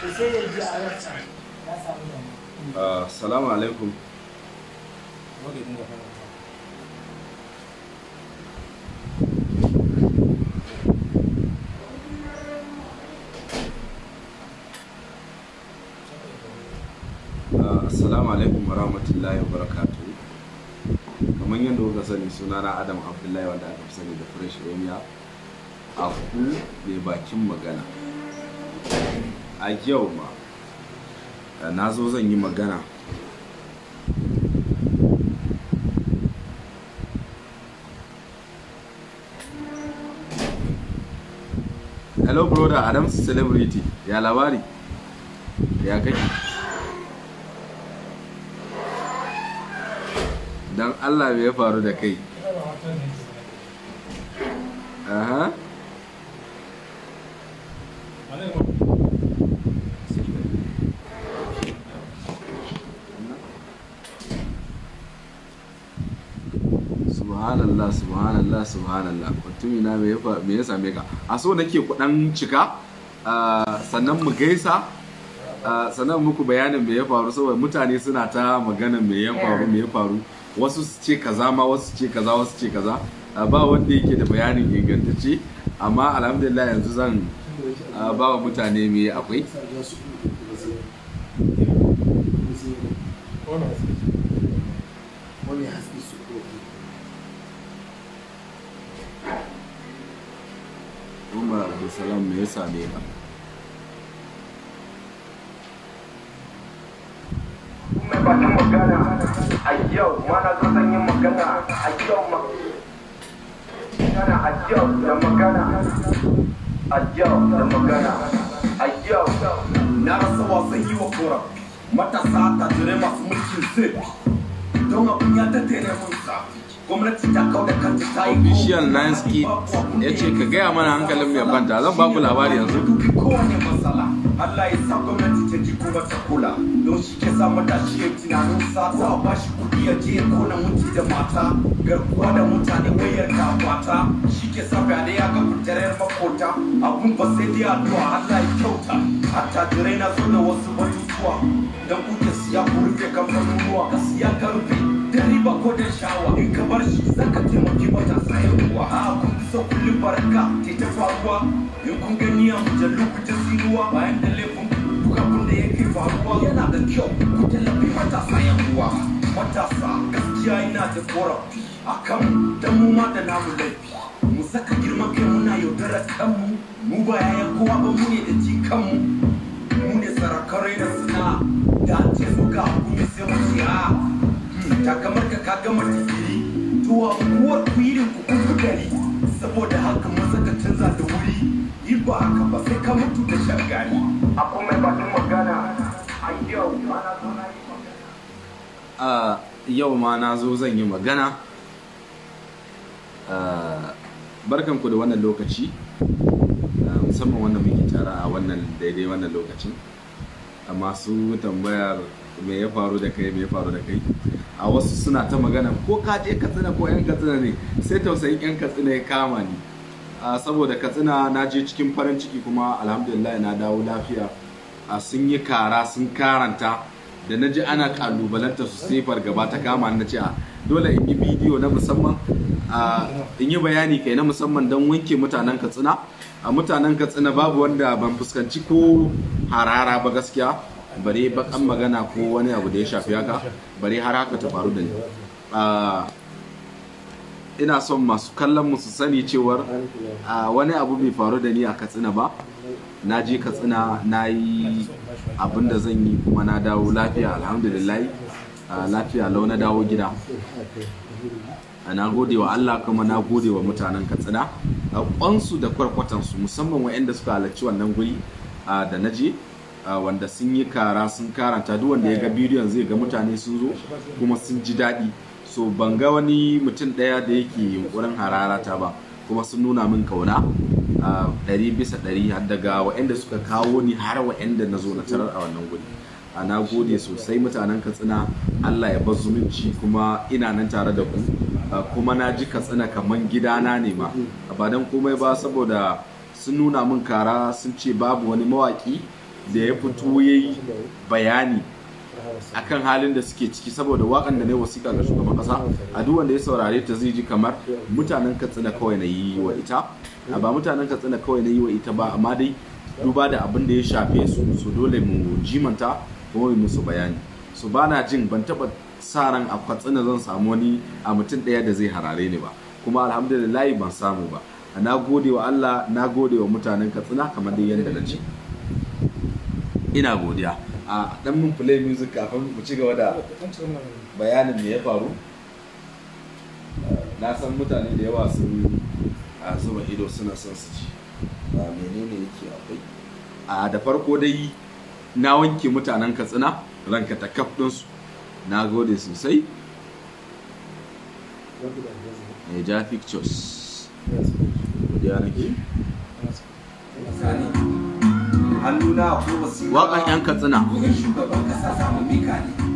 assalamu ah, alaikum Assalamu ah, alaikum wa rahmatullahi wa barakatu. Kamar yadda kuka sani sunana Adam Abdullahi wanda aka fi sani da Fresh Romeo Aku ne bakin magana. a yau ma na zo zan yi magana hello brother adams celebrity ya labari ya kake don allah me ya faru da kai subhanallah subhanallah subhanallah mutumi na me yafa me ya same ka a so nake ku cika ah, sannan mu gaisa ah, sannan muku bayanin me ya faru saboda mutane suna ta magana me ya faru me ya faru wasu su ce kaza ma wasu ce kaza wasu ce kaza ah, ba wanda yake da bayanin ingantacce amma alhamdulillah yanzu zan ba wa mutane me akwai wani haske salam me ya same ba magana yau mana zo zan yi magana a yau yau da yau da yau na rasa wasan yi wa kura matasa ta jire masu mulkin zai Bishiyar Lions Kid ya ce ka gaya mana hankalin mai kwanta zan ba ku labari yanzu. Kowane matsala Allah ya sa gwamnati ta ji kuma ta kula don shi ke sa matashi ya tunanin sata ba shi kuɗi ya je kona mutu da mata garkuwa da mutane wayar da kwata shi ke sa fyaɗe ya ga fitarar makota abun ba sai dai addu'a Allah ya kyauta hatta jirai na zo da wasu batutuwa don kuke ya ko rufe ruwa. ka siya ka rufe ba ko da shawa in ka bar shi zaka taimaki matasa yan uwa a kun kusa kullum baraka ke ta faruwa in kun gani a mujallu ku ta siruwa bayan da laifin duka kun da yake faruwa yana da kyau ku tallafi matasa yan matasa gaskiya yana da korafi akan dan mu ma da namu laifi mu saka girman kai muna yaudara kanmu mu ba yayan kowa ba mu ne da jikanmu mu ne sarakarai da suna ka ya sai ka gama gamar to tuwa kuwar kwirin ku kuka gari saboda haka maza ka canza da wuri yi ba haka ba sai ka mutu da shagari a kuma bakin magana a yau ma na zo na yi magana ah, yau ma na zo zan yi magana ah, barkanku da wannan lokaci ah, musamman wanda muke tara a wannan daidai wannan lokacin masu tambayar me ya faru da kai me ya faru da kai a wasu suna ta magana ko ka je katsina ko yan katsina ne sai tausayin yan katsina ya kama ni saboda katsina na je cikin farin ciki kuma alhamdulillah na dawo lafiya sun yi kara sun karanta da na ji ana kalubalanta su sifar gaba ta kama na ce dole in yi bi bidiyo na musamman in yi bayani kai na musamman don wanke mutanen katsina a mutanen katsina babu wanda ban fuskanci ko harara ba gaskiya bare bakan magana ko wani abu da ya shafi haka bare har haka ta faru da ni ina son masu kallon mu su sani cewar wani abu bai faru da ni a katsina ba na je katsina na yi abin da zan yi kuma na dawo lafiya alhamdulillah lafiya lau na dawo gida na gode wa Allah kuma na gode wa mutanen katsina a kwansu da kwarkwatansu musamman waɗanda suka halarci wannan guri da na je wanda sun yi kara sun karanta duk wanda ya ga bidiyon zai ga mutane sun zo kuma sun ji daɗi so ban ga wani mutum ɗaya da yake yunkurin hararata ba kuma sun nuna min kauna ɗari bisa ɗari har daga yanda suka kawo ni har waɗanda na zo na tarar a wannan guri a na gode sosai mutanen katsina allah ya bar zumunci kuma ina nan tare da ku kuma na ji katsina kamar gidana ne ma ba don komai ba saboda sun nuna min kara sun ce babu wani mawaki da ya fito ya yi bayani akan halin da suke ciki saboda wakan da na wasiƙa ga shugaban ƙasa a duk wanda ya saurare ta zai ji kamar mutanen katsina kawai na yi wa ita ba mutanen katsina kawai na yi wa ita ba amma dai duba da abin da ya shafe su su dole mu jimanta ko yi musu bayani su ba na jin ban taba sa ran a kwatsina zan samu wani a mutum ɗaya da zai harare ni ba kuma alhamdulillahi ban samu ba na gode wa Allah na gode wa mutanen katsina kamar dai yadda na ce ina godiya a dan mun play music kafin mu ci gaba da bayanin me ya faru na san mutane da yawa sun zuba ido suna son su ci menene yake akwai a da farko dai na wanke mutanen katsina ranka ta kaf ɗinsu na gode sosai ya eh, ja pictures godiya nake hannuna ko wasiƙa waƙan 'yan katsina shugaban ƙasa samun mika ne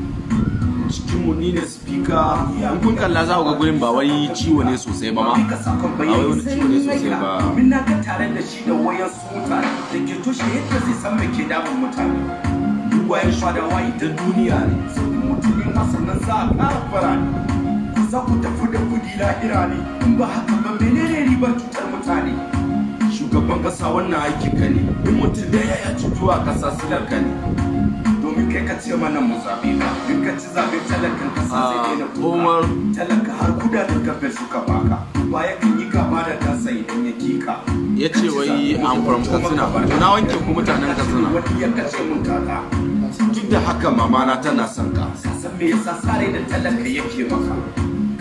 cikinmu ni ne spika in kun kalla za ku ga gurin ba wai ciwo ne sosai ba ma ba wai wani ciwo ne sosai ba min na tare da shi da wayan suta da ke toshe yadda zai san me ke damun mutane duk wayan duniya ne sun mutu ne za a fara ku za ku tafi da kudi lahira ne in ba haka ba menene riba cutar mutane shugaban kasa wannan aiki ka ne in mutum ya a silar ka ne kai ka ce mana mu zabe ka zabe sai ah, kuka talaka har kuda ta suka baka baya kan yi gaba da ya kika ya ce wai an from katsina na wanke ku mutanen katsina duk da haka mama na tana son ka san me yasa sare da talaka yake maka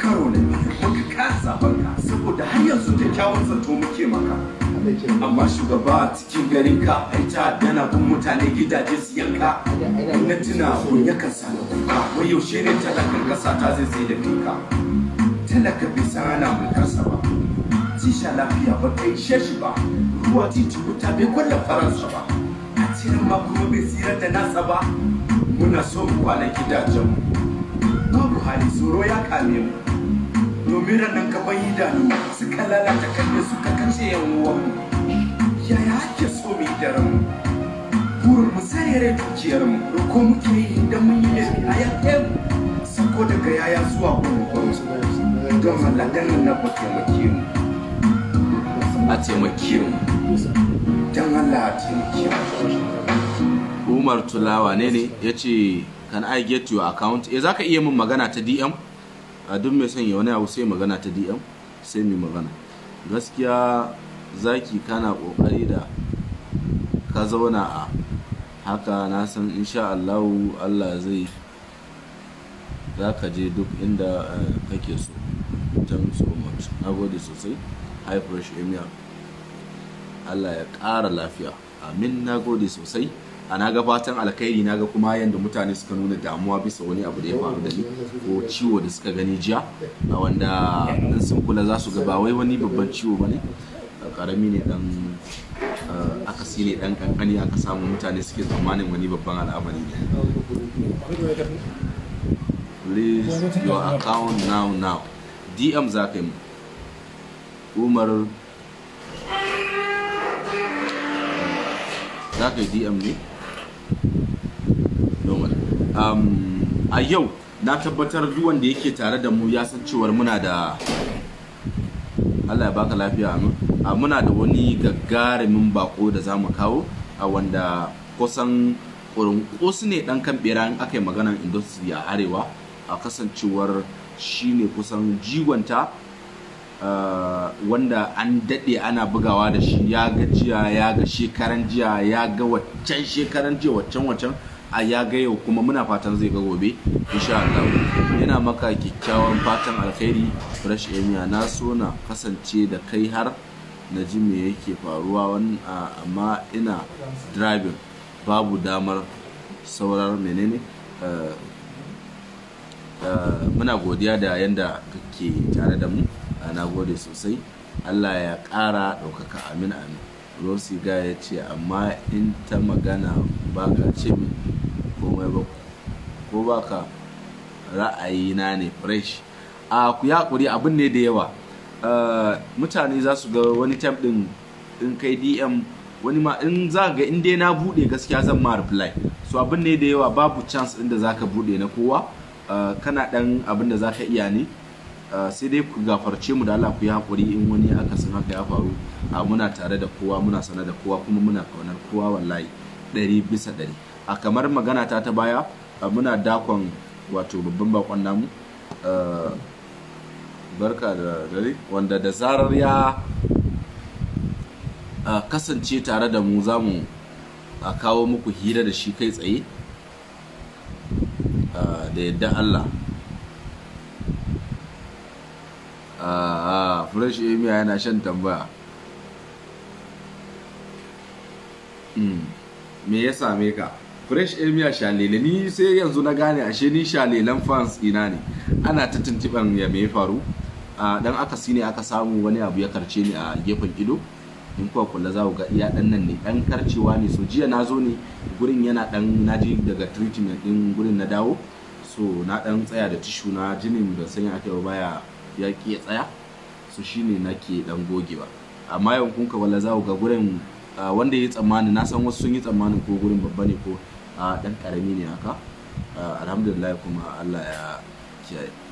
karo ne muka kasa banka saboda har yanzu kyakkyawan zato muke maka amma shugaba a cikin garin ka Aita, yana kun mutane gidaje su yanka na tuna yakan sani kuka wai yaushe ne talakan kasa ta zai sai da fika talaka bai san ana mulkarsa ba tisha lafiya ba kai sheshi ba ruwa titi wuta bai kwallon faransa ba a cikin ma kuma bai tsira da nasa ba muna so mu kwana mu babu hali tsoro ya kame mu domin ranar kaban idanu suka lalata kan da suka kashe ya yaya ake so mu da ranmu burin mu sarere dukiyar mu ko muke yi da mun yi laifi a yaƙe su ko daga yaya zuwa gurin don Allah dan na ku taimake mu a taimake mu dan Allah a taimake mu Umar Tulawa ne ne ya ce can I get your account? e za ka iya min magana ta DM? A duk mai son ya wani abu sai magana ta DM? sai mai magana gaskiya zaki kana ƙoƙari da ka zauna a haka na san insha allahu allah zai za ka je duk inda eh, kake so thanks so much na gode sosai high fresh emir allah ya ƙara lafiya amin na gode sosai a ga fatan na ga kuma yadda mutane suka nuna damuwa bisa wani abu da ya faru da ni ko ciwo da suka gani jiya a wanda in sun kula za su ga wai wani babban ciwo bane karami ne dan eh, akasi ne dan kankani aka samu mutane suke tsammanin wani babban al'amari ne please your account now now dm za za ka yi dm ne Um, a yau na tabbatar duk wanda yake tare da mu ya san cewar muna da Allah ya baka lafiya a muna da wani gagarumin bako da zamu kawo a wanda kusan ƙurunƙus ne ɗan kan bera in aka yi maganar industry a arewa a kasancewar shi ne kusan jigonta uh, wanda an daɗe ana bugawa da shi ya ga jiya ya ga shekaran jiya ya ga waccan shekaran jiya waccan waccan a ya ga yau kuma muna fatan zai ga gobe insha Allah yana maka kyakkyawan fatan alkhairi fresh emia na so na kasance da kai har na ji me yake faruwa amma ina driving babu damar saurar menene muna godiya da yanda kake tare da mu na gode sosai allah ya ƙara ɗaukaka amin amin ga ya ce amma in ta magana ba ka ce min komai ba ko baka ra'ayina ne fresh a ku ya kuri abin ne da yawa mutane za su ga wani tab din in kai dm wani ma in za ga in na bude gaskiya zan ma reply so abin ne da yawa babu chance inda za ka bude na kowa kana dan abin da za ka iya ne sai dai ku gafarce mu da Allah ku ya hakuri in wani aka san haka ya faru muna tare da kowa muna sana da kowa kuma muna kaunar kowa wallahi ɗari bisa ɗari a kamar magana ta ta baya muna dakon wato babban bakon namu barka da dare wanda da zarar ya kasance tare da mu za mu kawo muku hira da shi kai tsaye da yadda Allah fresh emia yana shan tambaya hmm, me ya same ka fresh emir shalele ni sai yanzu na gane ashe ni shalelan fans ina ne ana ta tuntuban ya mai faru dan aka ne aka samu wani abu ya karce ni a gefen ido in kuwa kula za ku ga iya dan nan ne dan karcewa ne so jiya na zo ne gurin yana dan naji daga treatment din gurin na dawo so na dan tsaya da tishu na jinin da sanya aka yi baya ya ki ya tsaya so shine nake dan gogewa amma yankun ka wala za ku ga gurin wanda ya yi tsammani na san wasu sun yi tsammanin ko gurin babba ne ko a dan karami ne haka alhamdulillah kuma allah ya kiyaye